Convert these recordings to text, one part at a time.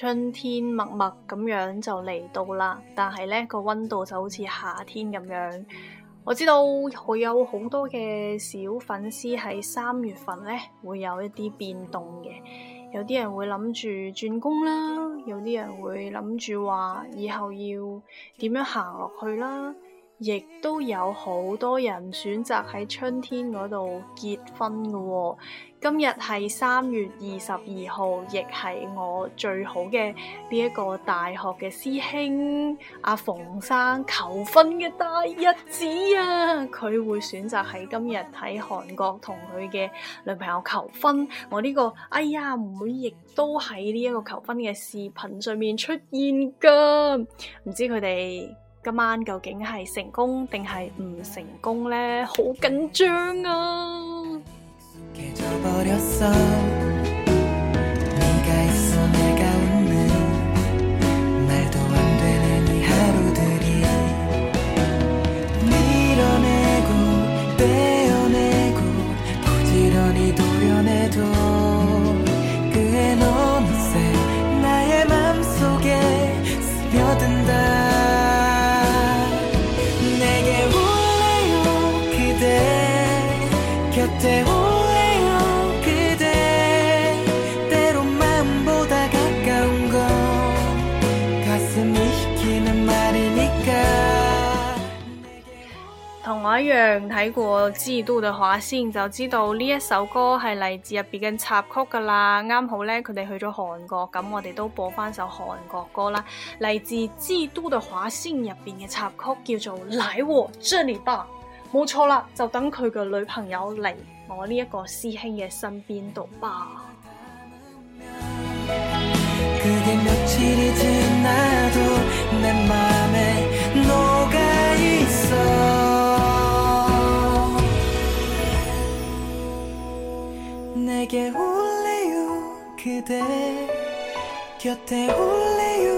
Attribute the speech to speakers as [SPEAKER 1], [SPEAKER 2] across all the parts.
[SPEAKER 1] 春天默默咁樣就嚟到啦，但係呢個溫度就好似夏天咁樣。我知道會有好多嘅小粉絲喺三月份呢會有一啲變動嘅，有啲人會諗住轉工啦，有啲人會諗住話以後要點樣行落去啦。亦都有好多人選擇喺春天嗰度結婚噶喎。今日係三月二十二號，亦係我最好嘅呢一個大學嘅師兄阿馮生求婚嘅大日子啊！佢會選擇喺今日喺韓國同佢嘅女朋友求婚。我呢個哎呀，唔會，亦都喺呢一個求婚嘅視頻上面出現噶。唔知佢哋。今晚究竟係成功定係唔成功呢？好緊張啊！ 同我一樣睇過《之都的畫仙》就知道呢一首歌係嚟自入邊嘅插曲㗎啦。啱好咧，佢哋去咗韓國，咁我哋都播翻首韓國歌啦，嚟自《之都的畫仙》入邊嘅插曲叫做《來我這裡吧》。冇錯啦，就等佢嘅女朋友嚟我呢一個師兄嘅身邊度吧。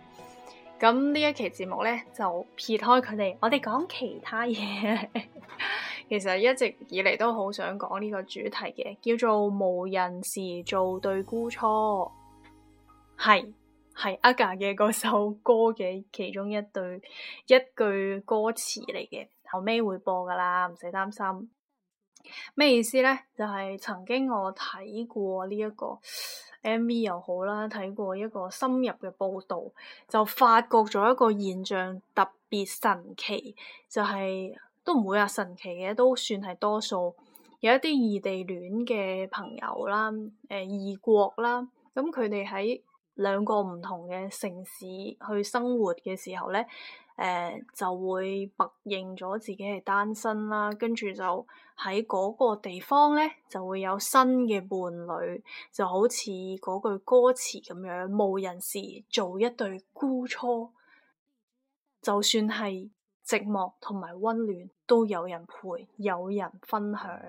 [SPEAKER 1] 咁呢一期節目咧，就撇開佢哋，我哋講其他嘢。 其實一直以嚟都好想講呢個主題嘅，叫做冇人時做對孤雛，係係 Aga 嘅嗰首歌嘅其中一對一句歌詞嚟嘅，後尾會播噶啦，唔使擔心。咩意思咧？就係、是、曾經我睇過呢、這、一個。MV 又好啦，睇過一個深入嘅報道，就發覺咗一個現象特別神奇，就係、是、都唔會啊神奇嘅，都算係多數有一啲異地戀嘅朋友啦，誒異國啦，咁佢哋喺兩個唔同嘅城市去生活嘅時候咧。誒，uh，就會默認咗自己係單身啦，跟住就喺嗰個地方咧就會有新嘅伴侶，就好似嗰句歌詞咁樣，冇人時做一對孤雛，就算係寂寞同埋溫暖都有人陪，有人分享，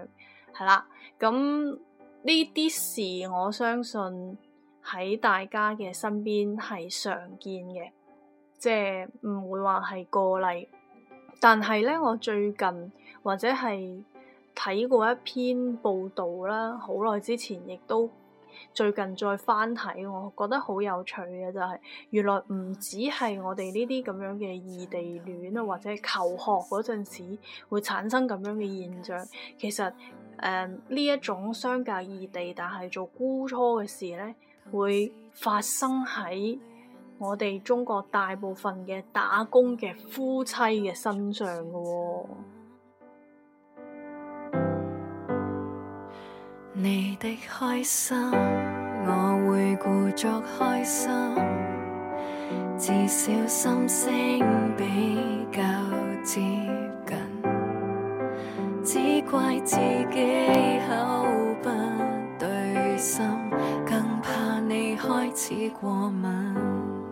[SPEAKER 1] 係啦。咁呢啲事，我相信喺大家嘅身邊係常見嘅。即係唔會話係過嚟，但係咧，我最近或者係睇過一篇報道啦，好耐之前亦都最近再翻睇，我覺得好有趣嘅就係、是，原來唔止係我哋呢啲咁樣嘅異地戀啊，或者求學嗰陣時會產生咁樣嘅現象，其實誒呢一種相隔異地，但係做孤雛嘅事咧，會發生喺我哋中國大部分嘅打工嘅夫妻嘅身上嘅喎、哦。
[SPEAKER 2] 你嘅開
[SPEAKER 1] 心，
[SPEAKER 2] 我會故作開心，至少心聲比較接近。只怪自己口不對心，更怕你開始過敏。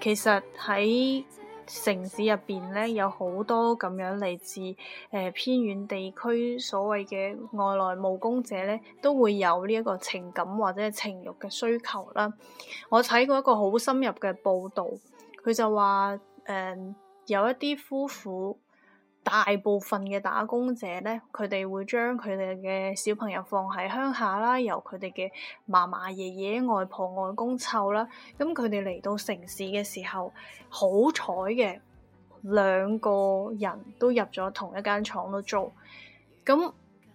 [SPEAKER 1] 其實喺城市入邊咧，有好多咁樣嚟自誒、呃、偏遠地區所謂嘅外來務工者咧，都會有呢一個情感或者情慾嘅需求啦。我睇過一個好深入嘅報導，佢就話誒、呃、有一啲夫婦。大部分嘅打工者呢，佢哋會將佢哋嘅小朋友放喺鄉下啦，由佢哋嘅嫲嫲、爺爺、外婆、外公湊啦。咁佢哋嚟到城市嘅時候，好彩嘅兩個人都入咗同一間廠度做。咁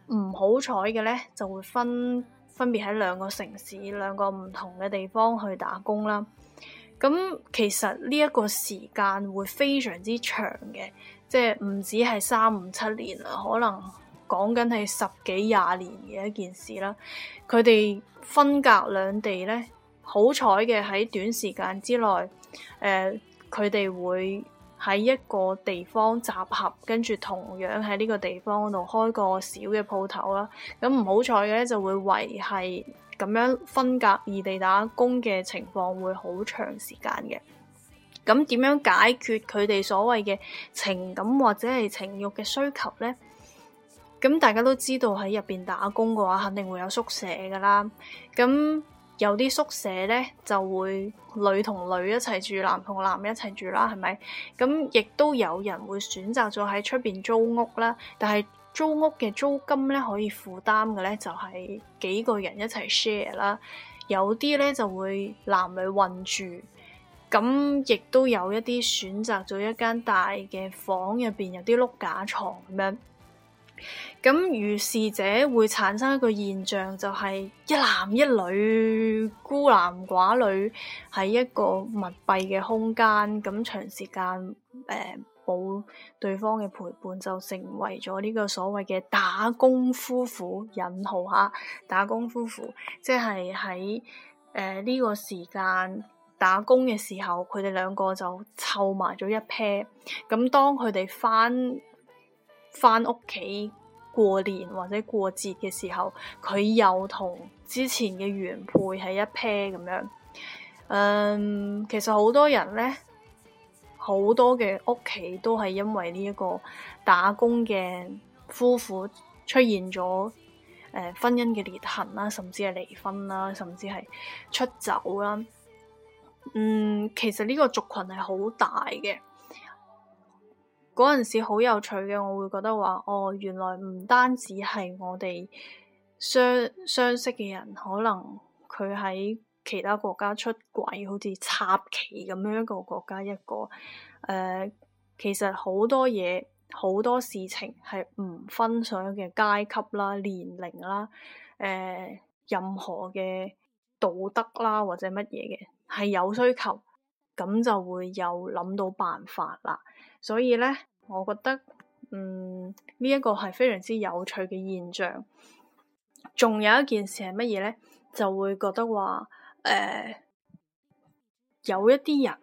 [SPEAKER 1] 唔好彩嘅呢，就會分分別喺兩個城市、兩個唔同嘅地方去打工啦。咁其實呢一個時間會非常之長嘅。即係唔止係三五七年啦，可能講緊係十幾廿年嘅一件事啦。佢哋分隔兩地呢，好彩嘅喺短時間之內，呃，佢哋會喺一個地方集合，跟住同樣喺呢個地方度開個小嘅鋪頭啦。咁唔好彩嘅呢，就會維係咁樣分隔異地打工嘅情況，會好長時間嘅。咁點樣解決佢哋所謂嘅情感或者係情慾嘅需求呢？咁大家都知道喺入邊打工嘅話，肯定會有宿舍噶啦。咁有啲宿舍呢，就會女同女一齊住，男同男一齊住啦，係咪？咁亦都有人會選擇咗喺出邊租屋啦。但係租屋嘅租金呢，可以負擔嘅呢，就係幾個人一齊 share 啦。有啲呢，就會男女混住。咁亦都有一啲選擇咗一間大嘅房入邊，面有啲碌架床。咁樣。咁如是者會產生一個現象，就係、是、一男一女孤男寡女喺一個密閉嘅空間，咁長時間誒冇、呃、對方嘅陪伴，就成為咗呢個所謂嘅打工夫婦。引號吓，打工夫婦即係喺誒呢個時間。打工嘅時候，佢哋兩個就湊埋咗一 pair。咁當佢哋返返屋企過年或者過節嘅時候，佢又同之前嘅原配係一 pair 咁樣。嗯，其實好多人咧，好多嘅屋企都係因為呢一個打工嘅夫婦出現咗誒、呃、婚姻嘅裂痕啦，甚至係離婚啦，甚至係出走啦。嗯，其實呢個族群係好大嘅，嗰陣時好有趣嘅。我會覺得話，哦，原來唔單止係我哋相相識嘅人，可能佢喺其他國家出軌，好似插旗咁樣一個國家一個。誒、呃，其實好多嘢，好多事情係唔分上嘅階級啦、年齡啦、誒、呃，任何嘅道德啦或者乜嘢嘅。係有需求，咁就會有諗到辦法啦。所以咧，我覺得，嗯，呢一個係非常之有趣嘅現象。仲有一件事係乜嘢咧？就會覺得話，誒，有一啲人，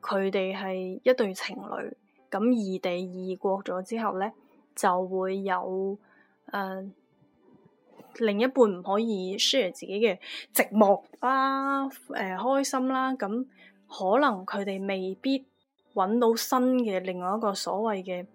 [SPEAKER 1] 佢哋係一對情侶，咁異地異國咗之後咧，就會有，誒。另一半唔可以 share 自己嘅寂寞啦、啊，誒、呃、開心啦、啊，咁、嗯、可能佢哋未必揾到新嘅另外一個所謂嘅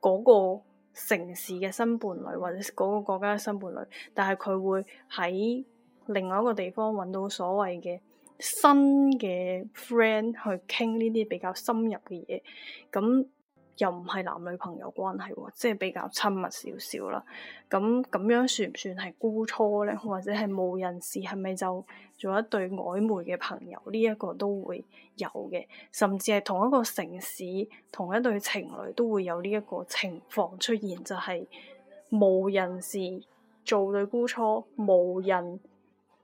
[SPEAKER 1] 嗰個城市嘅新伴侶或者嗰個國家嘅新伴侶，但係佢會喺另外一個地方揾到所謂嘅新嘅 friend 去傾呢啲比較深入嘅嘢，咁、嗯。又唔係男女朋友關係喎，即係比較親密少少啦。咁咁樣算唔算係孤雛呢？或者係無人時係咪就做一對曖昧嘅朋友？呢、這、一個都會有嘅，甚至係同一個城市同一對情侶都會有呢一個情況出現，就係、是、無人時做對孤雛，無人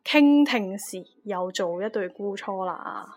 [SPEAKER 1] 傾聽時又做一對孤雛啦。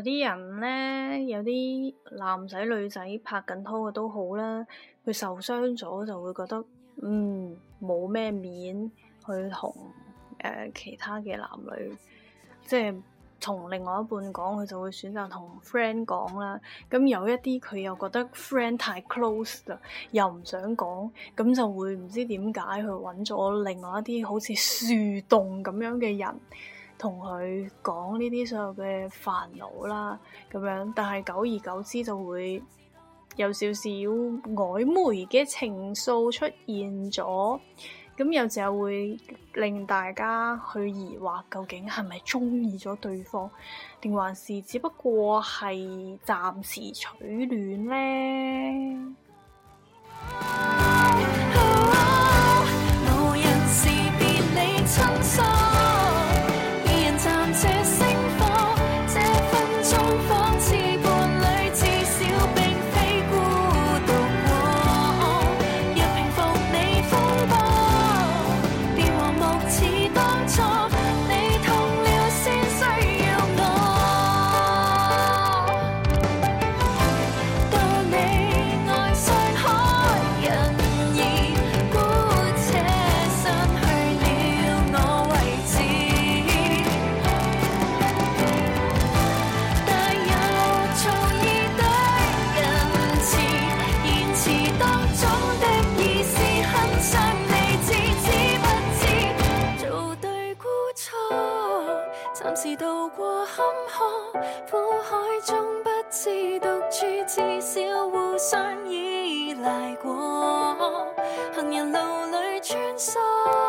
[SPEAKER 1] 有啲人呢，有啲男仔女仔拍緊拖嘅都好啦，佢受傷咗就會覺得，嗯，冇咩面去同誒、呃、其他嘅男女，即係同另外一半講，佢就會選擇同 friend 講啦。咁有一啲佢又覺得 friend 太 close 啦，又唔想講，咁就會唔知點解去揾咗另外一啲好似樹洞咁樣嘅人。同佢講呢啲所有嘅煩惱啦，咁樣，但係久而久之就會有少少曖昧嘅情愫出現咗，咁有時候會令大家去疑惑，究竟係咪中意咗對方，定還是只不過係暫時取暖呢？
[SPEAKER 2] 坎坷苦海中不知獨處，至少互相依賴過，行人路裏穿梭。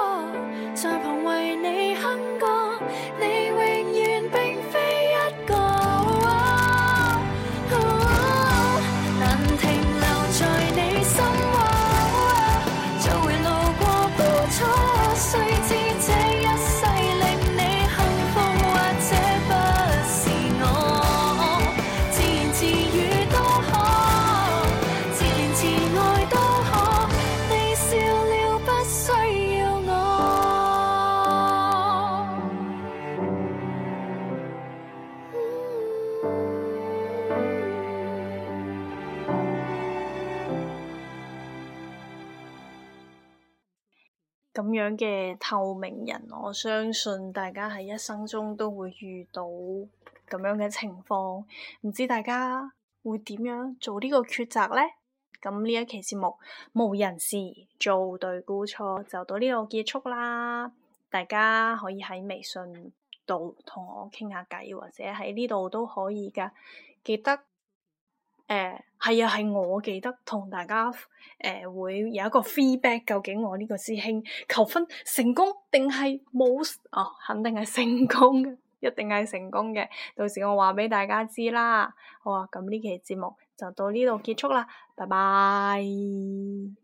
[SPEAKER 1] 咁樣嘅透明人，我相信大家喺一生中都會遇到咁樣嘅情況，唔知大家會點樣做呢個抉擇呢？咁呢一期節目冇人時做對孤雛就到呢度結束啦。大家可以喺微信度同我傾下偈，或者喺呢度都可以噶。記得。誒，係、呃、啊，係我記得同大家誒、呃、會有一個 feedback，究竟我呢個師兄求婚成功定係冇？哦，肯定係成功嘅，一定係成功嘅。到時我話畀大家知啦。好啊，咁呢期節目就到呢度結束啦，拜拜。